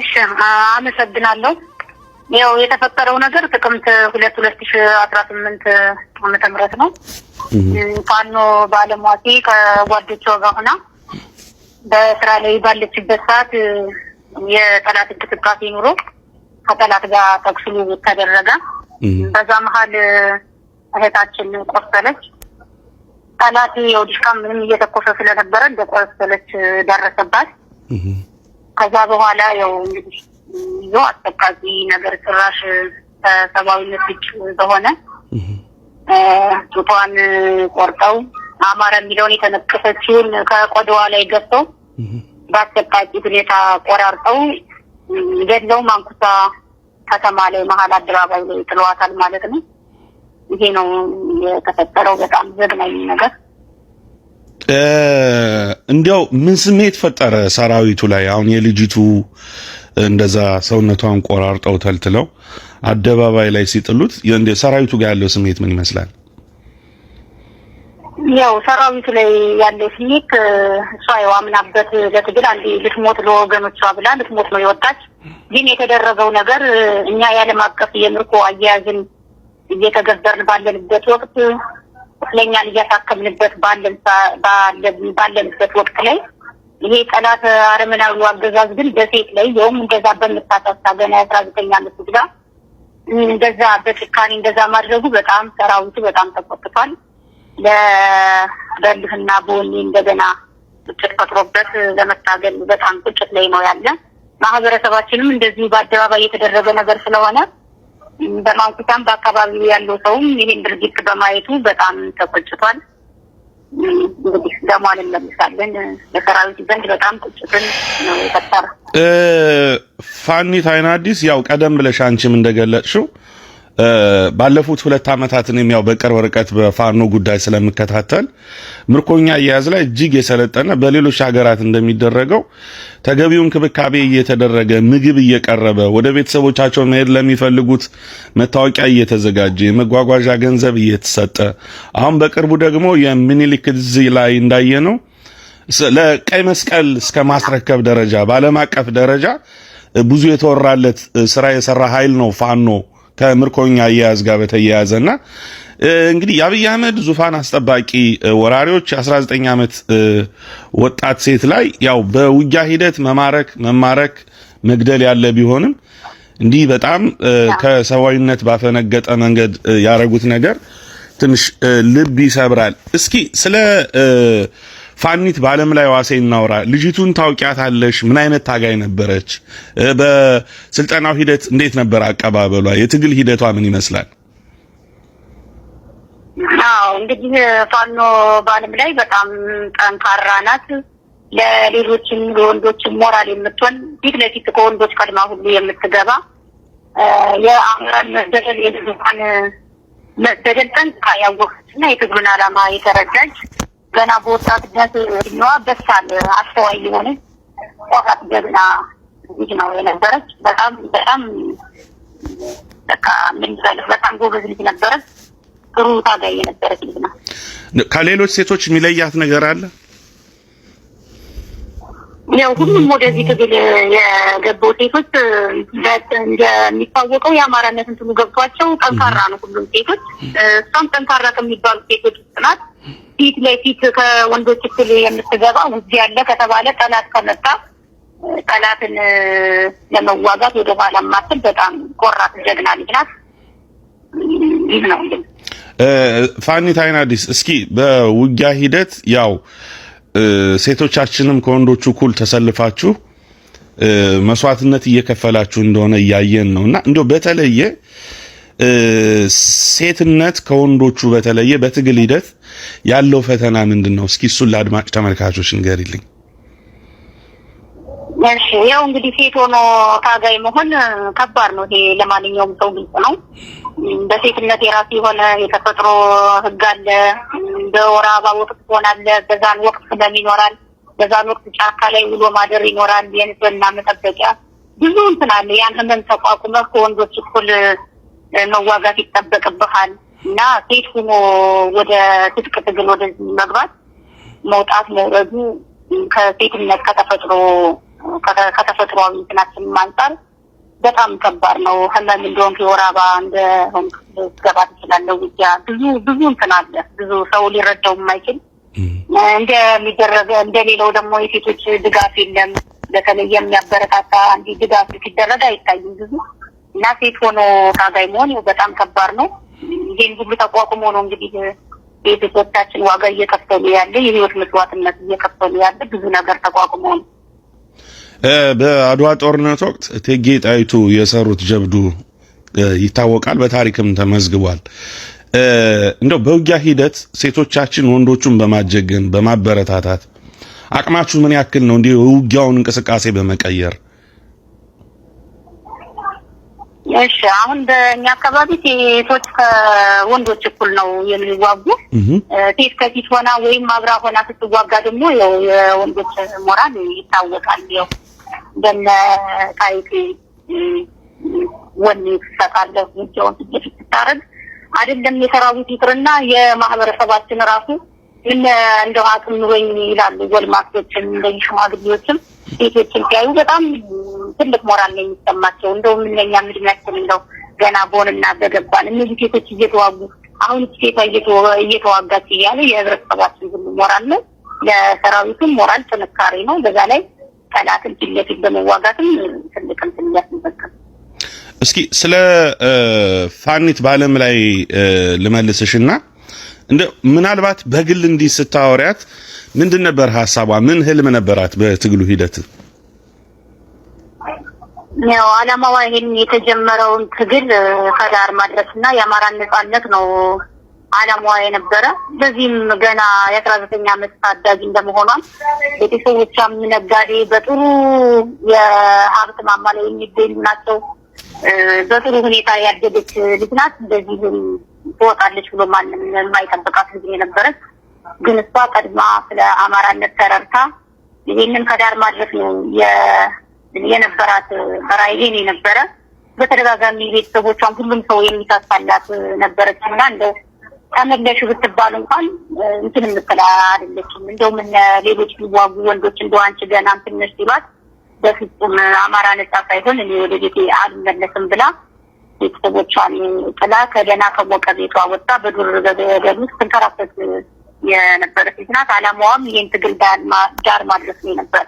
እሺ አመሰግናለሁ። ያው የተፈጠረው ነገር ጥቅምት ሁለት ሁለት ሺ አስራ ስምንት ዓመተ ምህረት ነው። ፋኖ በአለሟቴ ከጓዶቿ ጋር ሆና በስራ ላይ ባለችበት ሰዓት የጠላት እንቅስቃሴ ኑሮ ከጠላት ጋር ተኩስ ልውውጥ ተደረገ። በዛ መሀል እህታችን ቆሰለች። ጠላት የውድሽካ ምንም እየተኮሰ ስለነበረ እንደ ቆሰለች ደረሰባት። ከዛ በኋላ ያው እንግዲህ ይዞ አሰቃቂ ነገር ጭራሽ ከሰብአዊነት ውጭ በሆነ ጡቷን ቆርጠው አማራ የሚለውን የተነቀሰችውን ከቆዳዋ ላይ ገብተው በአሰቃቂ ሁኔታ ቆራርጠው ገድለው ማንኩሳ ከተማ ላይ መሀል አደባባይ ላይ ጥለዋታል ማለት ነው። ይሄ ነው የተፈጠረው በጣም ዘግናኝ ነገር። እንዲያው ምን ስሜት ፈጠረ ሰራዊቱ ላይ? አሁን የልጅቱ እንደዛ ሰውነቷን ቆራርጠው ተልትለው አደባባይ ላይ ሲጥሉት ሰራዊቱ ጋር ያለው ስሜት ምን ይመስላል? ያው ሰራዊቱ ላይ ያለው ስሜት እሷ አምናበት ለትግል አንዴ ልትሞት ለወገኖቿ ብላ ልትሞት ነው የወጣች። ግን የተደረገው ነገር እኛ የዓለም አቀፍ የምርኮ አያያዝን እየተገበርን ባለንበት ወቅት ቁስለኛን እያሳከምንበት ባለንበት ወቅት ላይ ይሄ ጠላት አረመናዊ አገዛዝ ግን በሴት ላይ የውም እንደዛ በምታሳሳ ገና የአስራ ዘጠኝ አመት ግዳ እንደዛ በጭካኔ እንደዛ ማድረጉ በጣም ሰራዊቱ በጣም ተቆጥቷል። ለበልህና በወኔ እንደገና ቁጭት ፈጥሮበት ለመታገል በጣም ቁጭት ላይ ነው ያለ። ማህበረሰባችንም እንደዚሁ በአደባባይ የተደረገ ነገር ስለሆነ በማንኩሳም በአካባቢው ያለው ሰውም ይህን ድርጊት በማየቱ በጣም ተቆጭቷል። እንግዲህ ደሟን እንለምሳለን። በሰራዊት ዘንድ በጣም ቁጭትን ነው የፈጠረ። ፋኒት አይን አዲስ ያው ቀደም ብለሽ አንቺም እንደገለጽሽው ባለፉት ሁለት ዓመታት እኔም ያው በቅርብ ርቀት በፋኖ ጉዳይ ስለምከታተል ምርኮኛ አያያዝ ላይ እጅግ የሰለጠነ በሌሎች ሀገራት እንደሚደረገው ተገቢውን ክብካቤ እየተደረገ ምግብ እየቀረበ ወደ ቤተሰቦቻቸው መሄድ ለሚፈልጉት መታወቂያ እየተዘጋጀ የመጓጓዣ ገንዘብ እየተሰጠ አሁን በቅርቡ ደግሞ የሚኒሊክ እዝ ላይ እንዳየ ነው ለቀይ መስቀል እስከ ማስረከብ ደረጃ በዓለም አቀፍ ደረጃ ብዙ የተወራለት ስራ የሰራ ኃይል ነው ፋኖ ከምርኮኛ አያያዝ ጋር በተያያዘና እንግዲህ የአብይ አህመድ ዙፋን አስጠባቂ ወራሪዎች 19 ዓመት ወጣት ሴት ላይ ያው በውጊያ ሂደት መማረክ መማረክ መግደል ያለ ቢሆንም እንዲህ በጣም ከሰብአዊነት ባፈነገጠ መንገድ ያረጉት ነገር ትንሽ ልብ ይሰብራል። እስኪ ስለ ፋኒት በአለም ላይ ዋሴ እናውራ ልጅቱን ታውቂያታለሽ? ምን አይነት ታጋይ ነበረች? በስልጠናው ሂደት እንዴት ነበር አቀባበሏ? የትግል ሂደቷ ምን ይመስላል? አዎ እንግዲህ ፋኖ በአለም ላይ በጣም ጠንካራ ናት። ለሌሎችም ለወንዶችም ሞራል የምትሆን ፊት ለፊት ከወንዶች ቀድማ ሁሉ የምትገባ የአምራን መበደል የህዝቧን መበደል ጠንቅቃ ያወቀች የትግሉን ዓላማ የተረዳች ገና በወጣትነት እድሜዋ በሳል አስተዋይ ቆራጥ ልጅ ነው የነበረች። በጣም በጣም በቃ በጣም ጎበዝ ልጅ ነበረች። ጥሩ ታጋይ የነበረች ልጅ ናት። ከሌሎች ሴቶች የሚለያት ነገር አለ? ያው ሁሉም ወደዚህ ትግል የገቡ ሴቶች እንደሚታወቀው የአማራነት እንትኑ ገብቷቸው ጠንካራ ነው ሁሉም ሴቶች። እሷም ጠንካራ ከሚባሉ ሴቶች ውስጥ ናት። ፊት ለፊት ከወንዶች እኩል የምትገባ ውጊያ ያለ ከተባለ ጠላት ከመጣ ጠላትን ለመዋጋት ወደ ኋላ ማትል በጣም ቆራት ጀግና ልጅ ናት። ይህ ነው ፋኒት አይናዲስ። እስኪ በውጊያ ሂደት ያው ሴቶቻችንም ከወንዶቹ እኩል ተሰልፋችሁ መስዋዕትነት እየከፈላችሁ እንደሆነ እያየን ነው እና እንዲ በተለየ ሴትነት ከወንዶቹ በተለየ በትግል ሂደት ያለው ፈተና ምንድን ነው? እስኪ እሱን ለአድማጭ ተመልካቾች ንገሪልኝ። እሺ ያው እንግዲህ ሴት ሆኖ ታጋይ መሆን ከባድ ነው። ይሄ ለማንኛውም ሰው ግልጽ ነው። በሴትነት የራሱ የሆነ የተፈጥሮ ሕግ አለ። በወር አበባ ወቅት አለ በዛን ወቅት ደም ይኖራል። በዛን ወቅት ጫካ ላይ ውሎ ማደር ይኖራል። የንጽህና መጠበቂያ ብዙ እንትን አለ። ያን ህመም ተቋቁመ ከወንዶች እኩል መዋጋት ይጠበቅብሃል። እና ሴት ሆኖ ወደ ትጥቅ ትግል ወደዚህ መግባት መውጣት መውረዱ ከሴትነት ከተፈጥሮ ከተፈጥሯዊ እንትናችን አንጻር በጣም ከባድ ነው። ህመም እንደሆን የወር አበባ እንደሆንክ ገባ ትችላለህ። ውጊያ ብዙ ብዙ እንትን አለ። ብዙ ሰው ሊረዳው የማይችል እንደሚደረገ እንደሌለው ደግሞ የሴቶች ድጋፍ የለም። በተለይ የሚያበረታታ አንዲ ድጋፍ ሲደረግ አይታይም ብዙ እና ሴት ሆኖ ታጋይ መሆን በጣም ከባድ ነው። ይሄን ሁሉ ተቋቁሞ ነው እንግዲህ የኢትዮጵያችን ዋጋ እየከፈሉ ያለ የህይወት መስዋዕትነት እየከፈሉ ያለ ብዙ ነገር ተቋቁሞ ነው። በአድዋ ጦርነት ወቅት እቴጌ ጣይቱ የሰሩት ጀብዱ ይታወቃል፣ በታሪክም ተመዝግቧል። እንደው በውጊያ ሂደት ሴቶቻችን ወንዶቹን በማጀግን በማበረታታት አቅማችሁ ምን ያክል ነው? እንዲህ ውጊያውን እንቅስቃሴ በመቀየር እሺ አሁን በእኛ አካባቢ ሴቶች ከወንዶች እኩል ነው የሚዋጉ። ሴት ከፊት ሆና ወይም አብራ ሆና ስትዋጋ ደግሞ ያው የወንዶች ሞራል ይታወቃል። ያው በነ ጣይቱ ወኔ ትሰጣለህ፣ ውጊያውን ስትበፊት ስታረግ አይደለም የሰራዊት ይቅርና የማህበረሰባችን ራሱ ምን እንደው አቅም ኑሮኝ ይላሉ ጎልማሶችም እንደዚህ ሽማግሌዎችም ሴቶችን ሲያዩ በጣም ትልቅ ሞራል ነው የሚሰማቸው። እንደውም እነኛ ምድናችን እንደው ገና በሆንና በገባን እነዚህ ሴቶች እየተዋጉ አሁን ሴቷ እየተዋጋች እያለ የህብረተሰባችን ሁሉ ሞራል ነው፣ ለሰራዊቱም ሞራል ጥንካሬ ነው። በዛ ላይ ጠላትን ፊት ለፊት በመዋጋትም ትልቅም ትልያት ይበቃል። እስኪ ስለ ፋኒት በአለም ላይ ልመልስሽና እንደ ምናልባት በግል እንዲህ ስታወሪያት ምንድን ነበር ሀሳቧ? ምን ህልም ነበራት በትግሉ ሂደት? ያው አላማዋ ይሄን የተጀመረውን ትግል ከዳር ማድረስና የአማራን ነጻነት ነው አላማዋ የነበረ። በዚህም ገና የአስራ ዘጠኝ አመት ታዳጊ እንደመሆኗም ቤተሰቦቿም ነጋዴ በጥሩ የሀብት ማማ ላይ የሚገኙ ናቸው። በጥሩ ሁኔታ ያደገች ልጅ ናት። እንደዚህም ትወጣለች ብሎ ማንም የማይጠብቃት ልጅ የነበረች ግን እሷ ቀድማ ስለ አማራነት ተረርታ ይሄንን ከዳር ማድረስ ነው የነበራት ይሄን የነበረ በተደጋጋሚ ቤተሰቦቿን ሁሉም ሰው የሚሳሳላት ነበረች እና እንደ ተመለሽ ብትባሉ እንኳን እንትን የምትል አይደለችም። እንደውም እነ ሌሎች የሚዋጉ ወንዶች እንደ አንቺ ገና ትንሽ ሲሏት በፍጹም አማራ ነጻ ሳይሆን እኔ ወደ ቤቴ አልመለስም ብላ ቤተሰቦቿን ጥላ ከገና ከሞቀ ቤቷ ወጣ በዱር በገደሉ ስትንከራተት የነበረ ሴት ናት። አላማዋም ይህን ትግል ዳር ማድረስ ነው የነበረ።